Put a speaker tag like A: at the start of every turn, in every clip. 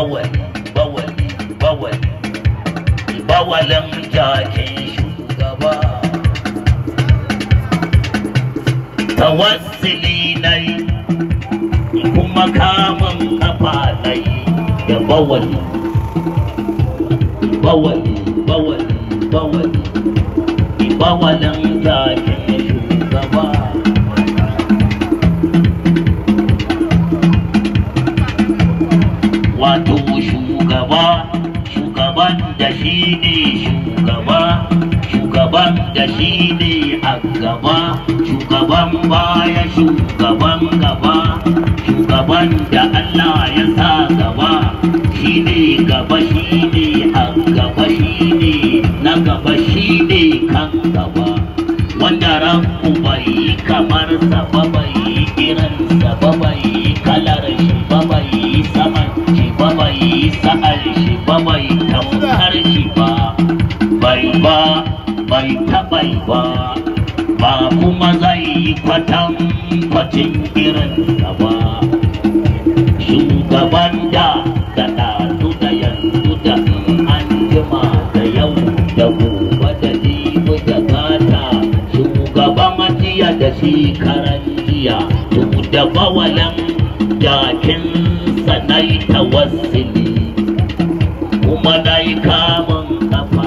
A: bawali bawali bawali bawalin jakin shugaba tawassili na yi kuma kamun kafa na yi da bawali bawali bawali bawali bawalin jakin shugaba. shugaba shugaban da shi ne shugaba shugaban da shi ne a gaba shugaban baya shugaban gaba shugaban da Allah ya sa gaba shi ne gaba shi ne a gaba shi ne na gaba shi ne kan gaba wanda ranku bai kamar sa bai irin sa ba bai sa'ar shi ba mai tamkar shi ba bai ba bai yi ba ba kuma zai yi kwatan kwacin irin sa ba shugaban da da dazu da yanzu da an jima da yau da gobe da jibi da gata shugaban jiya da shi karan jiya duk da bawalan jakin sanai ta wasili malaika mun kafa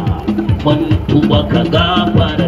A: mun tuba ka gafara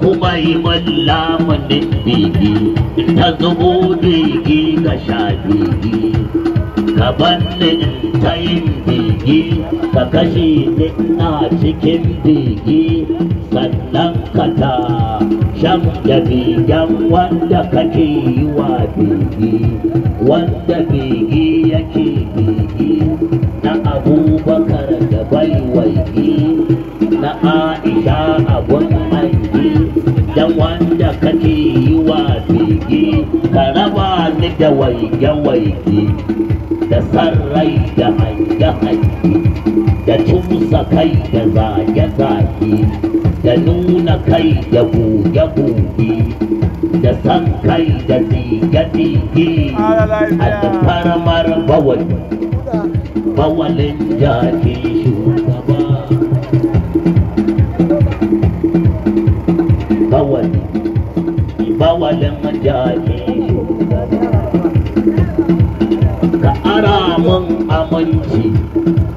A: kuma yi malla mande bigi ta zubo bigi ka sha bigi ka banne ta yin bigi ka kashe na cikin bigi sannan ka ta sham da bigan wanda kake yi wa bigi wanda bigi yake bigi na abubakar da baiwaigi ka raba ni da waige-waige da sarrai da hange-hange da cusa kai da zage-zage da nuna kai da buge-buge da san kai da dige-dige a da farmar bawali bawalin jakin shugaba bawali bawalin jakin bambanci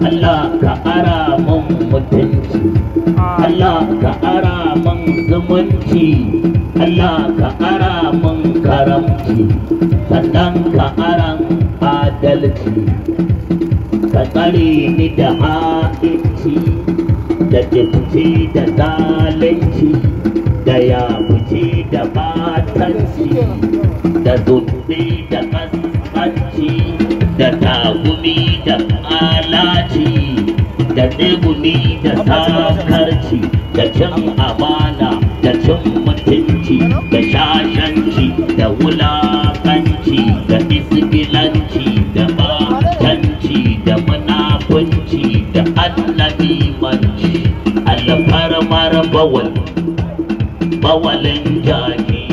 A: Allah ka ara mun mutunci Allah ka ara mun zumunci Allah ka ara mun karamci sannan ka ara adalci ka tsare ni da ha'inci da jibci da zalunci da yabuci da batanci da zunubi da gumi da alaci da tsegumi da sakarci da cin amana da cin mutunci da shashanci da wulakanci da isgilanci da batanci da munafunci da allabimanci alfarmar bawal bawalin jaki